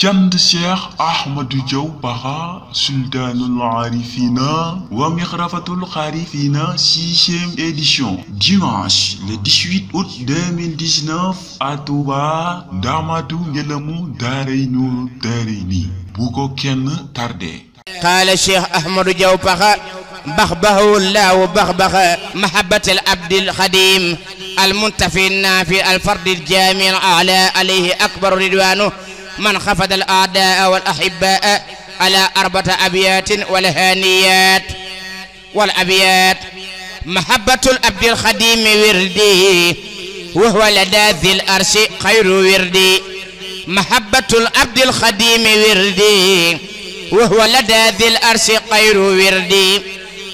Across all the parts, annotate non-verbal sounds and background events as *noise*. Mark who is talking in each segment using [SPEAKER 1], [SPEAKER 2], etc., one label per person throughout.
[SPEAKER 1] جند الشيخ أحمد جو بغا سلطان العارفين ومغرفة الخارفين 6 édition ديماش le 18 أوت 2019 أتوبا Touba Damadou دارينو داريني بوكو Bouko Ken قال الشيخ أحمد جو بغا بخبه الله بخبه محبة العبد الخديم
[SPEAKER 2] المنتفي النافي الفرد الجامع الأعلى عليه أكبر رضوانه من خفض
[SPEAKER 1] الأعداء والأحباء على أربعة أبيات والهانيات والأبيات محبة الأبد الخديم وردي
[SPEAKER 2] وهو لدى ذي الأرش خير وردي محبة الأبد
[SPEAKER 1] الخديم وردي وهو لدى ذي الأرش خير وردي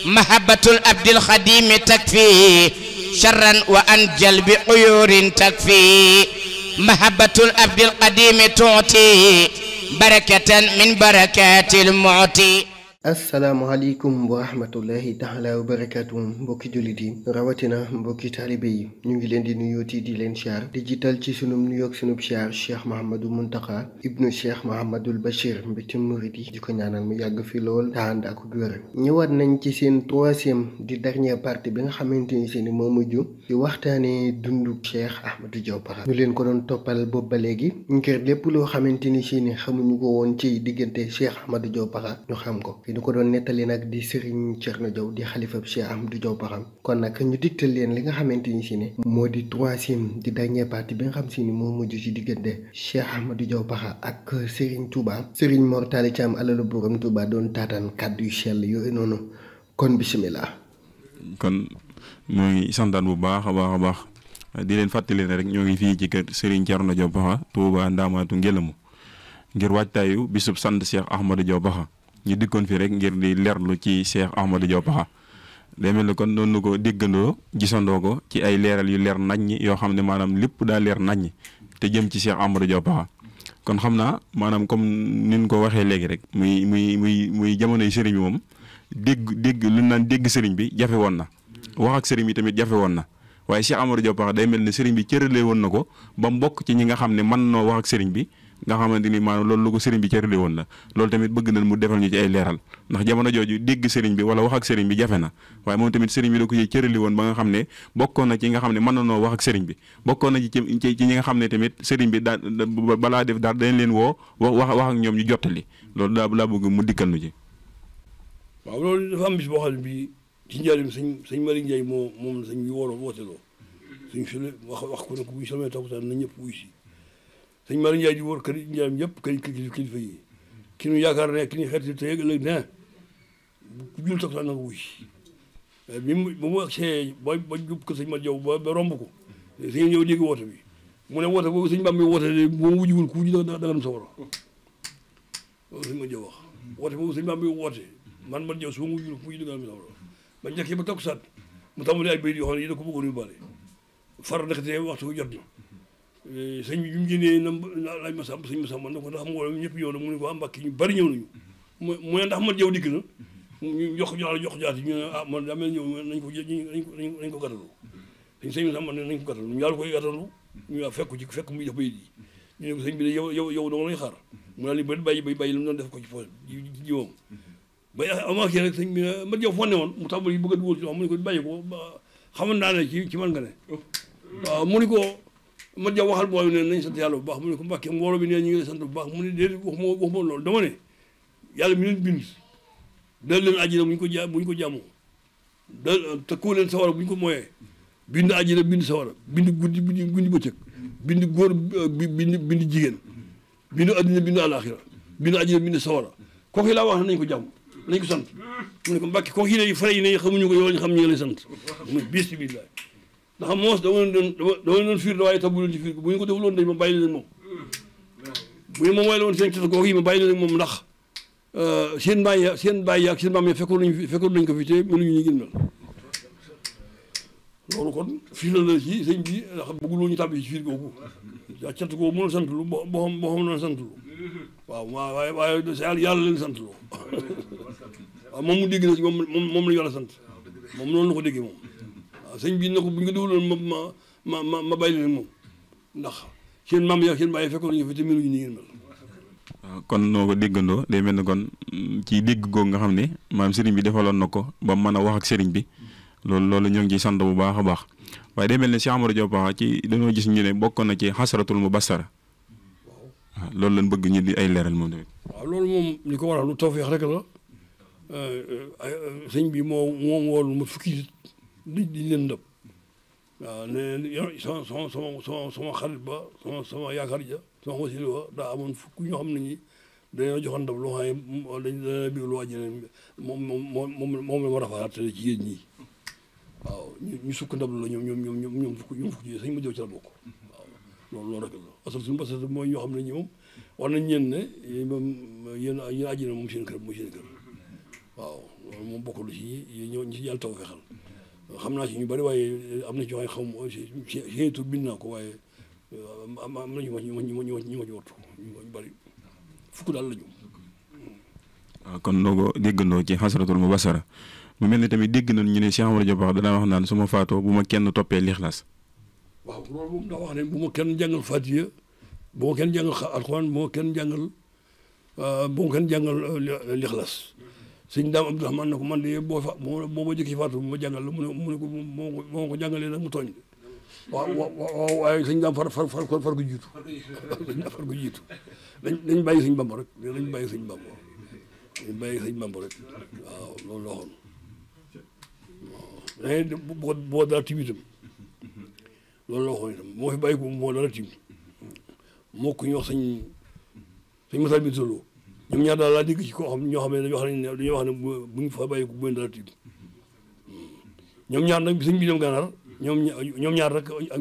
[SPEAKER 1] محبة الأبد الخديم تكفي شرا وأنجل بعيور تكفي محبة الأبد القديم تعطي بركة من بركات المعطي Assalamualaikum warahmatullahi rahmatullahi taala wa barakaatu mbokki jullit yi rawatina mbokki taalibe yi ñu ngi leen di ti di leen xiar di jiital ci sunum nuyoog sunu xiar cheikh mahamadu muntaka ibnu cheikh mohammedou bachir mbiti murit yi di ko ñaanal mu yàgg fi lool te ànd ak wér ñëwaat nañ ci seen 3e di dernière partie bi nga xamanteni ni mo muju di waxtane dundu cheikh ahmadou diaw ñu leen ko doon toppal bo ba léegi ngir lepp lo xamanteni ni seeni xamuñu ko won ci cheikh ahmadou ñu xam ko bi ko doon netali nak di Serigne Thierno Diaw di khalifa Cheikh Amadou Diaw baram kon nak ñu digtal leen li nga xamanteni ci ne modi 3e di dernier parti bi nga xam ci ni mo mujj ci digënde Cheikh Amadou Diaw Baxa ak Serigne Touba Serigne mortali cham alalu borom Touba doon taataan kàddu yu sell yooyu kon bismillah kon moy santane bu baax baax baax di leen fatali ne rek ñoo ngi fi ci kër Serigne Thierno Diaw Baxa Touba Ndamatou Ngélamu ngir waajtaayu bisub sante Cheikh Ahmadou Diaw Baxa ñu dikkoon fii rek ngir di leerlu ci Cheikh Ahmadou Diaw day mel ni kon noonu ko déggandoo gisandoo ko ci ay leeral yu leer nañ naññi yoo xam ne maanaam lépp daa leer naññi te jëm ci Cheikh Ahmadou Diaw kon xam naa maanaam comme nin ko waxee léegi rek muy muy muy muy jamonoy sëriñ bi moom dégg dégg lu naan dégg sëriñ bi jafe woon na wax ak sëriñ bi tamit jafe woon na waaye Cheikh Ahmadou Diaw day mel ne sëriñ bi cëralee woon na ko ba mbokk ci ñi nga xam ne mën noo wax ak sëriñ bi nga xamante ni maanaam loolu lu ko sëriñ bi cërale woon la loolu tamit bëgg nañ mu defal ñu ci ay leeral ndax jamono jooju dégg sëriñ bi wala wax ak sëriñ bi jafe na waaye moom tamit sëriñ bi da ko ci cërale xam ne bokkoon na ci nga xam ne mën na noo wax ak sëriñ bi bokkoon na xam ne tamit sëriñ bi daa balaa def daal dañ leen woo wax wax ak ñoom ñu jottali loolu daa laa bëgg mu dikkal nu ci
[SPEAKER 2] waaw loolu dafa am bis boo xam ne ci njëriñ sëñ sëñ Malick Ndiaye moo moom sëñ bi woono wooteloo sëñ fi wax ko ne ko buy samee takutaan na ñëpp wuy si sëñ Malick Ndiaye di wër kër yi Ndiaye yëpp kër yi kilifa yi ki ñu yaakaar ne ki ñu xeet si tey ëllëg ne ku jul sax sax na ko wuy eh, bi mu ba mu agsee ba ba jub ko sëñ Malick Diaw ba ba romb ko sëñ ñëw dégg woote bi mu ne woote boobu sëñ Bam mi woote de moom wujjul ku wujj da nga dem sawara loolu sëñ Malick Diaw wax woote boobu sëñ Bam mi woote man Malick Diaw su ma wujjul ku wujj da nga dem sawara ba njëkk ba takkusaan mu tàmbalee ay béy yoo xam ne yi da ko bëggoon yóbbaale far nag te waxtu jot na Eh, sëñ bi bi mu jëndee nam laaj ma sàmb sëñ ma sàmb na ko ndax mbooloo ñëpp yow na mu ne ko mbàkk yi ñu bari ñëw nañu mhm. mu ne ndax man jaw dikk na ñu jox jox jox jaat yi ñu ne ah man daa mel ñëw nañ ko nañ ko gàttalu sëñ sëñ ma sàmb ne nañ ko gàttalu ñu daal koy gàttalu ñu fekku ci fekk muy jox bayit yi ñu ne ko sëñ bi ne yow yow yow dong lañ xaar mu daal di ba bàyyi bay bàyyi lu mu doon def ko ci poos jiwam mhm. bay amaakee rek sëñ bi ne ma jaw fonne woon mu tàmbali bëgg a dugal ci mu ne ko bàyyi ko xamoon naa ne ci ci man nga ne oh. waaw mu ne ko ma jox waxal booy bi ne nañ sant yàlla bu baax mu ne ko mbàkke mbooloo bi ne ñu ngi sant bu baax mu ne déedéet waxuma waxuma loolu dama ne yàlla mi leen bind dal leen àjjana bu ñu ko ja bu ñu ko jàmmoo dal te koo leen sawara bu ñu ko mooyee bind àjjana bind sawara bind guddi bind guddi bëccëg bind góor bind bind jigéen bind àddina bind àlaaxira bind àjjana bind sawara kooku laa wax ne nañ ko jàmm nañ ko sant mu ne ko mbàkke kooku yi ne fare yi ne xamuñu ko yow lañ xam ñu ngi lay sant mu bisimilah ndax moos dama leen doon dama leen doon fiir waaye tax bu leen ci fiir bu ñu ko defuloon dañ ma bàyyi leen moom bu ñu ma mooy la woon seen cata googu yi ma bàyyi leen moom ndax euh, seen bàyyi seen bàyyi ak seen maam ya fekkoon nañ fekkoon nañ ko fi te mënuñu ñu gën loolu kon fiir la ci sëñ bi ndax bëgguloo ñu tàbbi ci fiir googu ak cata googu mënul sant lu boo xam boo xam noonu sant lu waaw waaw waaye waaye yàlla leen sant lu *laughs* waaw moom mu dégg na ci moom moom la yàlla sant moom noonu la ko déggee moom sëñ bi na ko bu ñu ko dugaloon ma ma ma ma bàyyi leen moom ndax seen maam yaa seen bàyyi ñu fi te ni
[SPEAKER 1] ah, kon noo ko déggandoo day mel ni kon ci dégg googu nga xam ne maam sëriñ bi defaloon na ko ba mën a wax sëriñ bi loolu loolu ñoo ngi ciy sant bu baax a baax waaye day mel ne Cheikh Amadou Diop ah, ci dañoo gis ñu ne bokk na ci xasaratul mu basara waaw ah, loolu lañ bëgg ñu di ay leeral moom
[SPEAKER 2] loolu moom li ko waral lu tawfeex rek la euh, euh, euh, sëñ bi moo moom woolu ma fukki di di lëndëm waaw nee yow sama sama sama sama xarit ba sama sama ja sama wasila ba daa amoon fukk ñoo xam ne ñi dañoo joxoon ndab loo xam ne dañ dana moom moom moom moom la ma rafaat ci yéen ñi waaw sukk ndab la ñoom ñoom ñoom ñoom ñoom fukk ñoom fukk sañ ma jëw ci la bokk waaw loolu loolu rek la asal suñu basata mooy ñoo xam ne ñi moom war nañ ñeen ne moom yéen yéen àjjina moom seen kër mooy seen kër waaw loolu moom bokkul ci ñi ñi si taw fexal xam naa ci ñu bari waaye euh, am na ci waaye xam seen tur bind naa ko waaye euh, am am na ñu ma ñu ma ñu ma ñu ma jotu ñu bari fukk daal la ñu. waaw
[SPEAKER 1] hmm. ah, kon ndogo déggandoo ci xasaratul mubasara mu mel ne tamit dégg nañ ñu ne Cheikh Amadou Diop wax danaa wax naan su ma faatoo bu ma kenn toppee lixlaas.
[SPEAKER 2] waaw loolu moom daa wax ne bu ma kenn jàngal Fatiha bu ma kenn jàngal alxuraan bu ma kenn jàngal euh, bu ma kenn jàngal lixlaas sëñ daam Abdourahman ne ko man de boo fa boo ma jëkki faatu ma jàngal la mu ne mu ne ko moo ko jàngalee nag mu tooñ waaw waaw waaye sëñ daam far far far ko far ko jiitu far ko jiitu dañ *laughs* dañ bàyyi sëñ bamba rek dañ bàyyi sëñ bamba dañ bàyyi sëñ bamba rek waaw loolu la waxoon waaw da boo boo dara tim itam loolu la waxoon itam moo fi bàyyi ko moo dara tim moo ko ñu wax sëñ sëñ masal bi solo ñoom ñaar daal laa dégg ci koo xam ñoo xam ne dañoo xam ne dañoo wax ne bu ñu fa bàyyi ko bu leen dara tiit ñoom ñaar nag sëñ bi dem gànnaar ñoom ñoom ñaar rek ak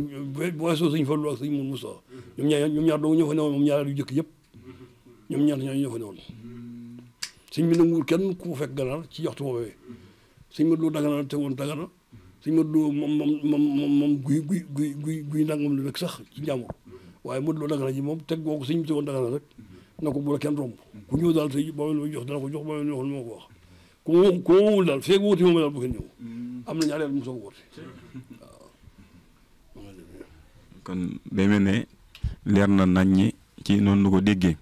[SPEAKER 2] bu weesoo sëñ Fallu ak sëñ Moussa ñoom ñaar ñoom ñaar dong ñoo fa newoon moom ñaar yu jëkk yëpp ñoom ñaar ñoo ñoo fa newoon sëñ bi nanguwul kenn ku fekk gànnaar ci waxtu woowee sëñ ma doo dagana te woon dagana sëñ ma doo moom moom moom moom guy guy guy guy guy nangam la rek sax ci njàmbur waaye ma doo dagana ji moom teg googu sëñ bi te woon dagana rek na ko bu la kenn romb ku ñëw daal jox dana ko jox boo leen jox lu ma ko wax ku mu ku mu wóorul daal ñëw mm. am na ñaareel mu soog a wóote
[SPEAKER 1] *laughs* day mel ne leer na nañ ñi ci noonu lu ko déggee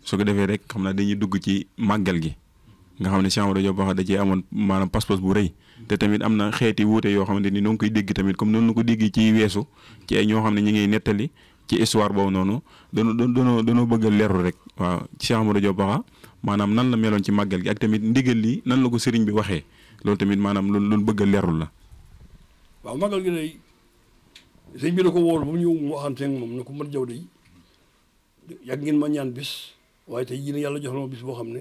[SPEAKER 1] su ko defee rek xam naa dañuy dugg ci màggal gi. nga xam ne Cheikh Amadou Diop wax da cee amoon maanaam pas-pas bu rëy te tamit am na xeeti wuute yoo xamante ni ñoo ngi koy dégg tamit comme noonu nu ko déggee ci weesu ci ay ñoo xam ne ñu ngi nettali ci histoire boobu noonu danoo danoo danoo bëgg a leerlu rek waaw Cheikh Amadou Diop Awa maanaam nan la meloon ci màggal gi ak tamit ndigal li nan la ko sëriñ bi waxee loolu tamit maanaam lu lu bëgg a leerlu la.
[SPEAKER 2] waaw màggal gi day sëñ bi ko wóor ba mu ñëw ko mën jaw day ngeen ma ñaan bis waaye tey jii yàlla jox na ma bis boo xam ne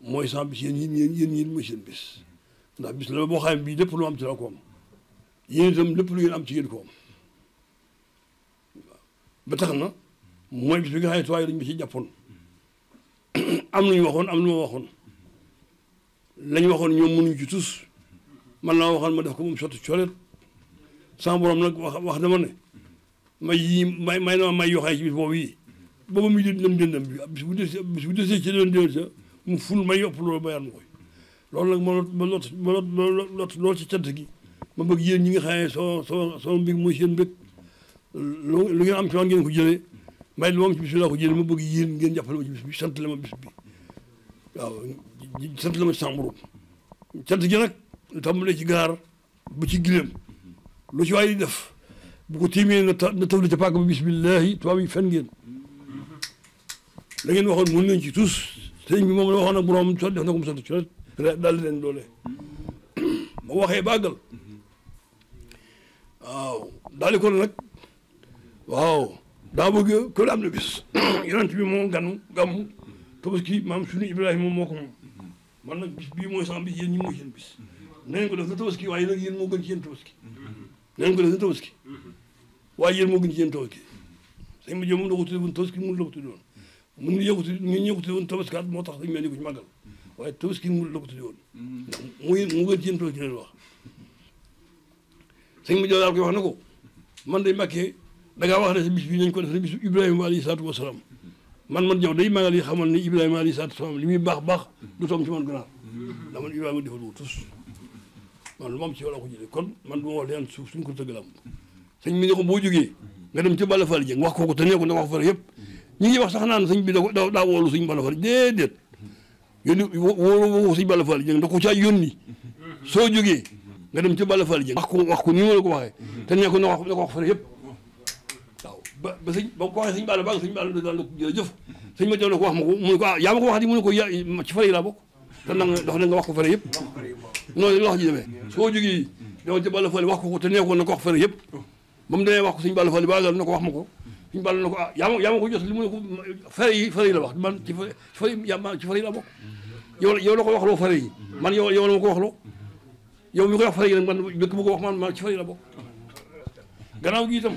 [SPEAKER 2] mooy sans bis yéen yéen yéen yéen yéen mooy seen bis ndax bis la boo xam ne bii lépp lu am ci la ko am yéen lépp lu ngeen am ci yéen ko am. ba tax na mooy bis bi nga xam ne tuwaay dañu si jàppoon am nañu waxoon am na ma waxoon lañu waxoon ñoom mënuñu ci tus man la waxoon ma def ko moom sotti cooleet sama borom nag wax wax dama ne ma yii may may na ma may yoo xam ne ci bis boobu yi booba mu jël ndëm dëndam bi bis bu desee bis bu desee ci doon déwén sa mu ful may yopp loolu bayaan ma koy loolu nag ma lot lot ma lot ci cant gi ma bëgg yéen ñi nga xam ne soo soo soo mbig mooy seen mbég lu lu ngeen am ci man ngeen ko jëlee may lu moom ci bis bi laa ko jëlee ma bëgg yéen ngeen jàppale ma ci bis bi sant la ma bis bi waaw sant la ma ci sàmburu sant gi nag lu tàmbalee ci gaar ba ci gileem lu ci waay di def bu ko tiimee na na taf la ca paaka ba bismillahi tubaab yi fen ngeen la ngeen waxoon mën leen ci tous sëñ bi moom la waxoon ak borom so def na ko mu sant ci ret daal di leen doole ma waxee bàggal waaw daal di ko nag waaw daa bëgg kër am na bis *coughs* yonent bi moo ganu gàmmu tabaski maam suñu Ibrahima moom moo ko man nag bis bii mooy sama bis yéen ñi moo seen bis nañ ko def na tabaski waaye nag yéen moo gën ci yéen tabaski nañ ko def na tabaski waaye yéen moo gën ci yéen tabaski sëñ ma jëm mën na ko tudde woon tabaski mën la ko tudde woon mën ñu yëkkati ñu yëkkati moo tax dañu mel ni ko ci màggal waaye tabaski mën la ko tudde woon mu mu gën ci yéen tabaski wax na ko man day màkkee da ngaa wax ne sa bis bi nañ ko def ne bisu Ibrahima alayhi salaatu wa salaam man man jaw day maa ngi lay xamal ne Ibrahima alayhi salaatu wa salaam li muy baax baax du toom ci man gannaaw ndax man Ibrahima defal wu tus man lu ma am ci wala ko jëlee kon man du ma wax leen suuf suñ ko tëgg la am sëñ bi ne ko boo jógee nga dem ci Balla Fall Dieng wax kooku te ne ko na wax fa yëpp ñi ngi wax sax naan sëñ bi da ko daa woolu suñ Balla Fall déedéet yónni wóolu woo suñ Balla Fall Dieng da ko caa yónni soo jógee nga dem ci Balla Fall Dieng wax ko wax ko ni ma la ko waxee te ne ko na wax na ko wax fa yëpp ba ba sëñ ba ko waxee sëñ Balla Ba sëñ Balla daan na ko jërëjëf sëñ ma jël na ko wax ma ko mu ne ko ah yaa ma ko wax di mu ne ko yaa ci fare yi laa bokk te nag dox na nga wax ko fare yëpp noonu la wax ji demee soo jógee dama ci Balla Fally wax ko ko te neexoon na ko wax fare yëpp ba mu demee wax ko sëñ Balla Fally Balla na ko wax ma ko sëñ Balla na ko ah yaa ma yaa ma ko jot li mu ne ko fare yi fare yi la wax man ci fare yi yaa ci fare yi laa bokk yow yow la ko wax loo fare yi man yow yow la ma ko wax loo yow mi ko wax fare yi nag man dëkk bu ko wax man man ci fare yi la bokk gannaaw gi itam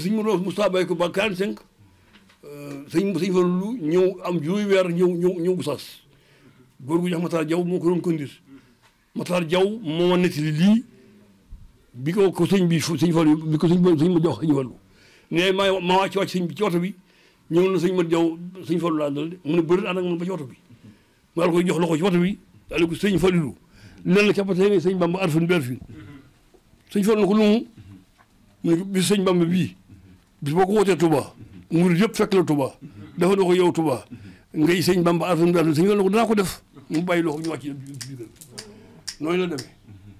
[SPEAKER 2] sëñ Mourou Moustapha bàyyi ko ba 45 euh, sëñ sëñ Fallou ñëw am juróomi weer ñëw ñëw ñëw Gossas góor gu jox Matar Diaw moo ko doon conduire Matar Diaw moo ma nettali lii bi ko ko sëñ bi sëñ Fallou bi ko sëñ ma jox sëñ Fallou bi ci oto bi ñëw na sëñ Mat Diaw de mu bëri ànd ak ba ci oto bi ma la koy jox loxo ci oto bi daal ko sëñ Fallou lan la capatee ne sëñ Bamba arfin bi arfin sëñ Fallou ko lu mu mu ne bi bis boo ko wootee Touba murid yëpp fekk la tuba dafa na ko yow Touba ngay sëñ Bamba artam daal sëñ na ko danaa ko def mu bàyyi loo ko ñu wàcc biir la demee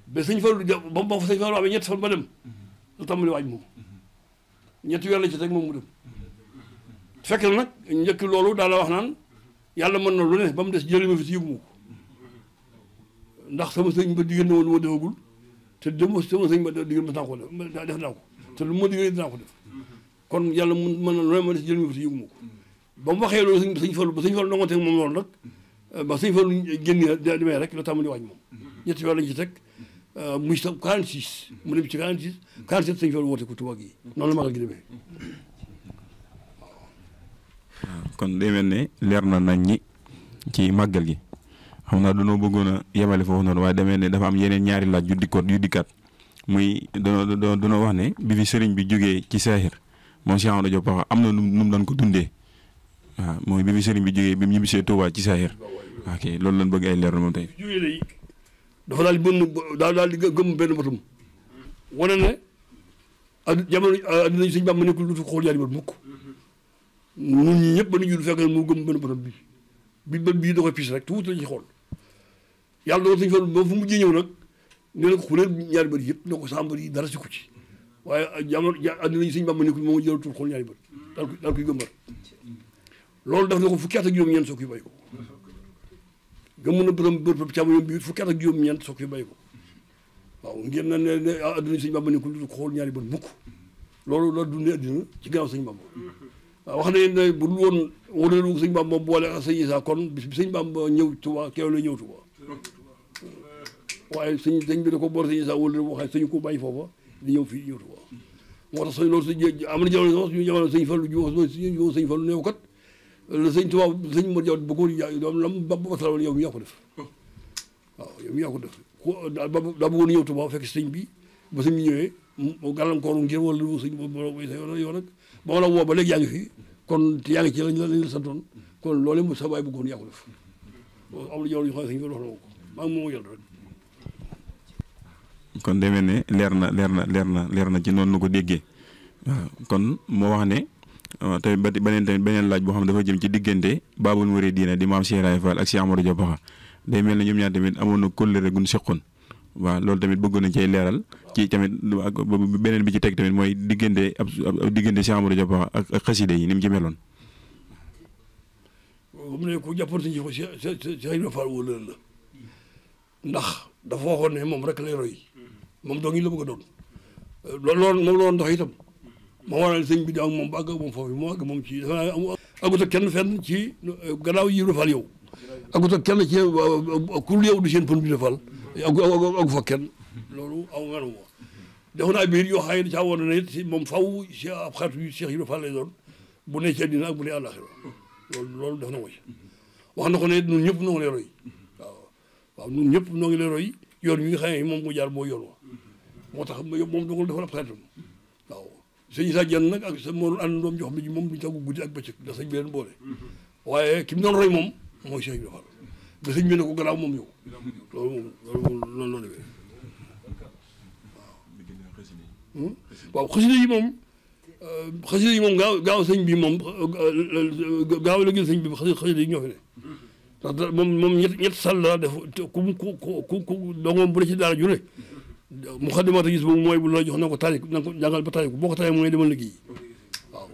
[SPEAKER 2] ba sëñ Fallou ba ba sëñ Fallou amee ñetti fan ba dem la tàmbali waaj moom ñetti weer la ci teg moom mu na njëkk loolu daal la wax naan yàlla mën na lu ne ba mu des jëlee ma fi si yëgu ko ndax sama sëñ ba diggante woon lu ma defagul te dem sama sëñ ba diggante ma naa ko def def naa ko te lu ma diggante dinaa ko def kon yàlla mun man na loo mën si jël si yëgu ma ko ba mu waxee loolu sëñ sëñ Fallu ba sëñ Fallu nongoonte ba sëñ Fallu génn demee rek la tàmbali wàññi moom ñetti weer lañu ci muy sa 46 mu ci 46 47 sëñ Fallu woote ko tubaab yi noonu la magal gi demee
[SPEAKER 1] kon day ne leer na nañ ñi ci màggal gi xam naa dañoo bëggoon a yemale foofu noonu waaye demee ne dafa am yeneen ñaari laaj yu dikkoot yu dikkaat muy danoo danoo wax ne bi fi sëriñ bi jógee ci saaxir moom Cheikh Amadou Diop Paxa am na nu mu doon ko dundee waaw mooy bi bi sëriñ bi jógee bi mu ñibbisee Touba ci Sahir ok loolu lañ bëgg ay leer moom tey.
[SPEAKER 2] dafa daal di bënn daal di gëm benn botum wane ne ad jamono adduna ah, suñu bàmba nekkul lu xool yaari bët mukk ñëpp ba nu jur fekk mu gëm benn botum bi bi bii da koy piis rek tuuti la ci xool yàlla dogal suñu fan ba fu mujjee ñëw nag nee na ko xule ñaari bët yëpp na ko sàmbar yi dara si ku ci waaye jamono àdduna yi sëñ Bàmba ne ko moom jël tuur xool ñaari bët daal ko daal koy loolu daf na ko fukki at ak juróom-ñeent soo koy bàyyi ko gëmm na borom bët càmmoñam bi fukki at ñeent soo koy bàyyi ko waaw ngeen na ne ne àdduna yi sëñ Bàmba ne ko lu xool ñaari bët mukk loolu la dundee àdduna ci gannaaw sëñ Bàmba waaw wax nañu ne bu dul woon wóorul sëñ Bàmba boole ak sëñ Isaa kon bis bi sëñ Bàmba ñëw Tuubaa keew la ñëw Tuubaa waaye sëñ sëñ bi da ko boor sëñ Isaa wóorul waxee sëñ ko bàyyi foofa di ñëw fii ñëw Tuubaa moo tax sëñ loolu sëñ am na jamono suñu jamono sëñ Fallu ju sëñ Fallu néew kat la sëñ Tuubaa sëñ Mor Jaw bu ko jaay doom lam ba ba salaam yow mi yaa ko def oh. waaw yow mi yaa ko def ko bi ba sëñ bi ñëwee gàllankooru ngir wala lu sëñ borom yow nag ba ma la woo ba léegi yaa ngi fi kon te yaa ngi ci lañ la santoon kon loolu mu sa baay bëggoon yaa ko def am na jamono ñu xam ne sëñ bi wax maa ngi moo jël
[SPEAKER 1] kon demee ne leer na leer na leer na leer na ci noonu nu ko déggee kon moo wax ne tamit ba beneen tamit beneen laaj boo xam ne dafa jëm ci diggante baabul wari diina di maam Cheikh Ibra Fall ak Cheikh Amadou Dia Baxa day mel ne ñoom ñaar tamit amoon na kóllëre gun seqoon waaw loolu tamit bëggoon cee leeral ci tamit beneen bi ci teg tamit mooy diggante ab diggante Cheikh Amadou Dia ak xaside yi ni ci meloon.
[SPEAKER 2] mu ne ku jàppoon si Cheikh Ibra Fall la ndax dafa waxoon ne moom rek lay moom doo ngi la bëgg doon loolu moom loolu ndox itam moo waral sëñ bi di ak moom ba àgg ak moom foofu moo àgg moom ci dafa agut ak kenn fenn ci gannaaw yi du fal yow agut kenn ci kurul yow du seen pën bi du fal agu agu fa kenn loolu aw nga wax def naa biir yoo xam ne caa woon na moom faw si ab xeetu yu Cheikh Ibra Fall lay doon bu ne ci àddina ak bu ne àllaaxira loolu loolu def na ko wax na ko ne ñun ñëpp noo ngi lay roy ñëpp noo ngi lay roy yoon wi nga xam ne moom mu jaar moo yoon wa moo tax moom dogal dafa absenté waaw sëñ Issa Dieng nag ak sa moom àndandoom jox mi moom duñu tàggu guddi ak bëccëg da sëñ boole mm-hmm. waaye ki mu moom bi defal moom ñëw loolu moom loolu moom noonu hmm? yi moom euh, xasida moom gaaw gaaw sëñ bi moom euh, euh, gaaw la gën sëñ bi xasida yi ne mm-hmm. ndax moom moom ñett ñett sàll la def ku ku daara ju mu xaddimata gis boobu mooy bu la jox na ko tari na ko jàngal ba tari ko boo ko taree mooy demal liggéey waaw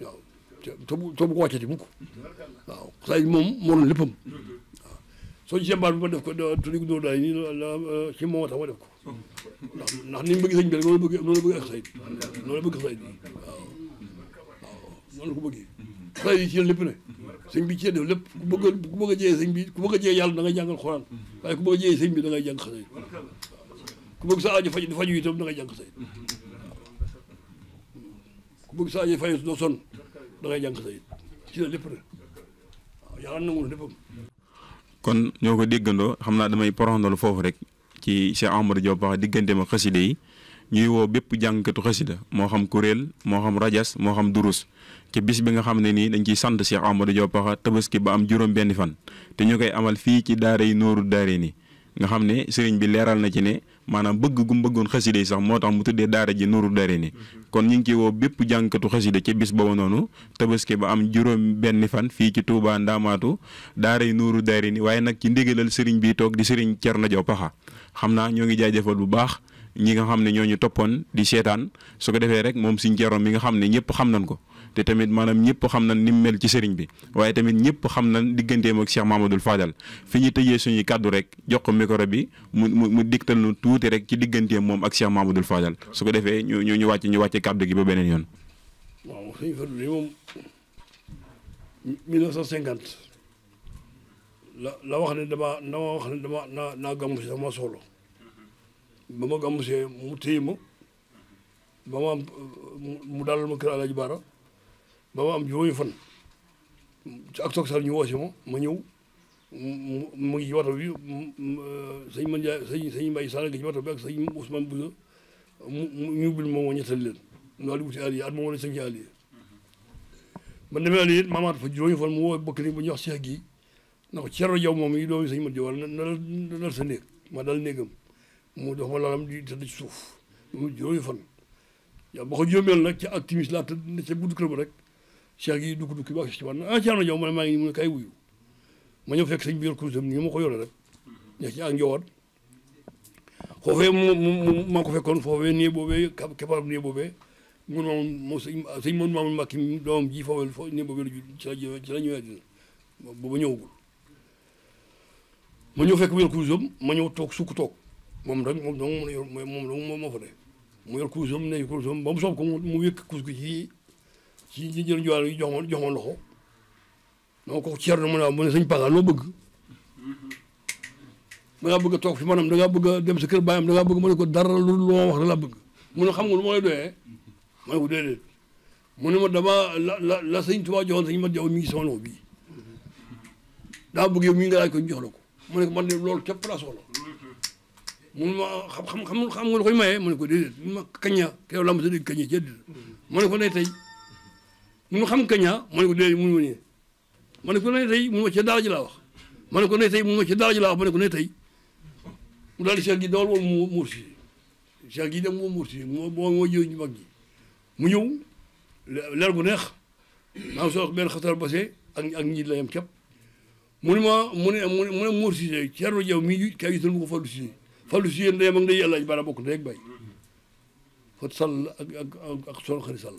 [SPEAKER 2] waaw ko wàccati mukk waaw moom moo doon léppam waaw soo gisee baat bi def ko tuddi dóor daay ni ci moom a ma def ko ndax ndax ni mu bëgg sëñ bi noonu bëgg noonu bëgg ak xasaay ci lépp ne sëñ bi ci def lépp ku bëgg ku bëgg a jiyee sëñ bi ku bëgg a jiyee yàlla da ngay jàngal xoraan waaye ku bëgg a jiyee sëñ bi da ngay jàng ku bëgg sa aajo faj faju itam da ngay jàng sayid ku bëgg sa aajo faju doo sonn da ngay sayid ci
[SPEAKER 1] kon ñoo ko déggandoo damay poroxandalu foofu rek ci Cheikh Amadou Diop wax diggante ma xasida yi ñuy woo xam xam rajas moo xam durus ci bis bi nga xam ni dañ ci sante Cheikh Amadou Diop Paxa tabaski ba am juróom benn fan te ñukay amal fi ci daara yi nooru daare ni nga xam serigne bi leeral na ci ne maanaam bëgg gu mu bëggoon xasida yi sax moo tax mu tuddee daara ji nuru dare ni kon ñu ngi ciy woo bépp jànkatu xasida ci bis boobu noonu tabaski ba am juróom benn fan fii ci Touba Ndamaatu daara yi nuru dare ni waaye nag ci ndigalal sëriñ bi toog di sëriñ Thierno Diaw Paxa xam naa ñoo ngi jaajëfal bu baax ñi nga xam ne ñoo ñu toppoon di seetaan su ko defee rek moom suñ Thierno mi nga xam ne ñëpp xam nañ ko te tamit maanaam ñëpp xam na ni mu mel ci sëriñ bi waaye tamit ñëpp xam nañ digganteem ak Cheikh Mamadou Fadal fi ñu tëjee suñuy kàddu rek jox ko bi mu mu mu digtal nu tuuti rek ci digganteem moom ak Cheikh Mamadou Fadal su ko defee ñu ñu ñu wàcc ñu wàcc kàddu gi ba beneen yoon.
[SPEAKER 2] dama dama wax ne dama naa naa gàmmu si ba mu téye ma ba ma mu Baara ba ma am juróomi fan ci ak toog sax ñu woo si ma ma ñëw mu ngi ci waxtaan bi euh, sëñ Mbaye Ndiaye sëñ sëñ Mbaye Sall nga bi ak sëñ Ousmane Bousso mu ñu ubbil moom moo ñettali leen ñu daal di wuti àll at moom la sëñ ci man demee fan mu woo bokk ni bu ñuy wax Cheikh gi na ko Thierno Diaw moom yi doomi sëñ Mat Diaw ma dal néegam mu dox ma lalam ci suuf mu juróomi fan yow ba ko juróomeel nag ca activiste kër ba rek cheikh gi dugg dugg ba ci ban ah Thierno Diaw man maa ne kay wuyu ma ñëw fekk sëñ bi yor kurusam nii ma ko yore rek nekk ci ak njowoon foofee mu mu maa fekkoon mu ne moom sëñ sëñ Maodo Mamadou Mbacké doomam ji foofee foo nee boobee la ju ci la ci la ma ñëw fekk mu yor kurusam ma ñëw toog sukk toog moom rek moo fa mu mu mu wékk kurus gi ci ci jël njuwaal yi jox ma ma loxo donc kooku Thierno mu mu ne sëñ Palla loo bëgg mm-hmm. da bëgg toog fi maanaam da ngaa bëgg dem sa kër baayam da ngaa bëgg ma ne ko dara lu laa bëgg mu ne xam nga lu ma lay doyee mm-hmm. ne ko déedéet mu ne ma damaa la la la sëñ Tuubaa joxoon sëñ ma jaw mi ngi sama loxo bii mm-hmm. daa bëgg yow mi nga laaj ko jox la ko mu ne ko man loolu képp laa soxla mu ne ma xam xam ko déedéet ma kaña keroog laa ma sa dégg kaña ci déedéet ma ne ko ne tey mun xam kañaa ma ne ko déedéet mënu ma nii ma ne ko ne tey mënu ma ci daara ji laa wax ma ne ko ne tey mënu ma ci daara ji laa wax ma ne ko ne tey mu daal di Cheikh gi dawal woo muur si Cheikh gi dem woo muur si moo moo jëw ñu mag ji mu ñëw leer gu neex maa ngi soog benn xatar basé ak ak ñi la yem képp mu ne ma mu ne mu ne mu ne muur si Thierno Diaw mii kay yital mu ko Fallou Cissé Fallou Cissé ndeyam ak ndey yàlla ji baara bokk ndey ak bay fat sàll ak ak ak soxna xarit sàll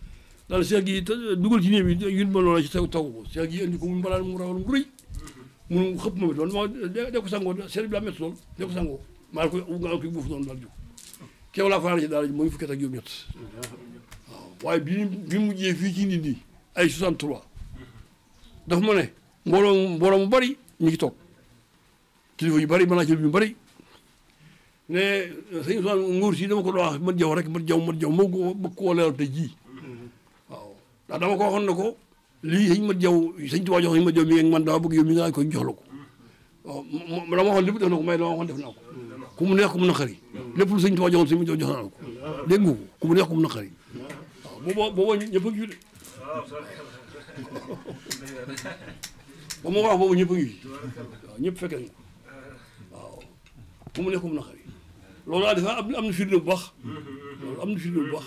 [SPEAKER 2] daal seex gi dugal ci néeg bi yun ma loola ci taw taw ko seex gi indi ko mun mbalaan mu rawal mu rëy mm-hmm. mun xëpp ma doon ma de ko sangoo seet bi laa métti lool de ko sangoo maa ko nga ko buuf noonu daal jóg keew laa ci daal moo ngi fukki ak juróom ñett mm-hmm. waaye bi bi mu mujjee fii ci nit ñi ay 63 dafa ma ne mbooloo mbooloo mu bari mi ngi toog kilifa yu bari mën naa ci lu ñu bari ne sëñ Ousmane Nguur si dama ko doon man jaw rek man jaw man ndax dama ko waxoon na ko lii sëñ ma jaw sëñ Tuubaa jox sëñ ma jaw mi ngi man dama bëgg yow mi nga laaj ko jox la ko waaw oh, la ma waxoon lépp def na ko may la ma waxoon def naa ko ku mu neex ku mu naqari lépp lu sëñ Tuubaa joxoon sëñ ma jaw jox naa la ko dégg nga ko ku mu neex ku mu naqari waaw booba booba ñëpp a ngi fi de *laughs* ba ma wax boobu ñëpp a ngi fi waaw ñëpp fekk nañ ko waaw ku mu neex ku mu naqari loolu daal defe am na firnde bu baax loolu am na firnde bu baax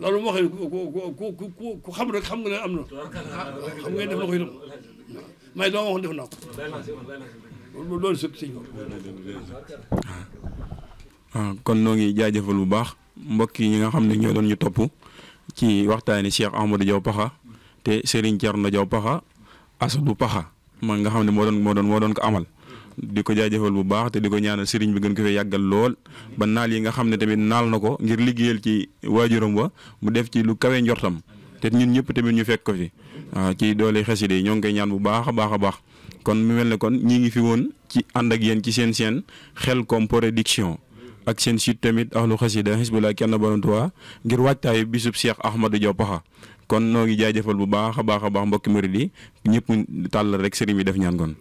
[SPEAKER 2] loolu mu waxee ku ku ku ku xam rek xam nga ne am na xam nga def na ko itam may doo waxoon
[SPEAKER 1] ah, kon noo ngi jaajëfal bu baax mbokk yi ñi nga xam ne ñoo doon ñu topp ci waxtaani Cheikh Ahmadou Diaw Pakha te Serigne Thierno Diaw Pakha Asadou Pakha maa nga xam ne moo doon moo doon moo doon ko amal di ko jaajëfal bu baax te di ko ñaanal sëriñ bi gën ko fee yàggal lool ba naal yi nga xam ne tamit naal na ko ngir liggéeyal ci waajuram wa mu def ci lu kawe njortam te ñun ñëpp tamit ñu fekk ko fi ci doole xasida yi ñoo ngi koy ñaan bu baax a baax a baax kon mu mel ne kon ñi ngi fi woon ci ànd ak yéen ci seen seen Khelcom Production ak seen site tamit ahlu xasida Hizbullah kenn borom Tuubaa ngir waajtaayu bisub Cheikh Ahmadou Diaw Pakha kon noo ngi jaajëfal bu baax a baax a baax mbokki murid yi ñëpp tàllal rek sëriñ bi def ñaan kon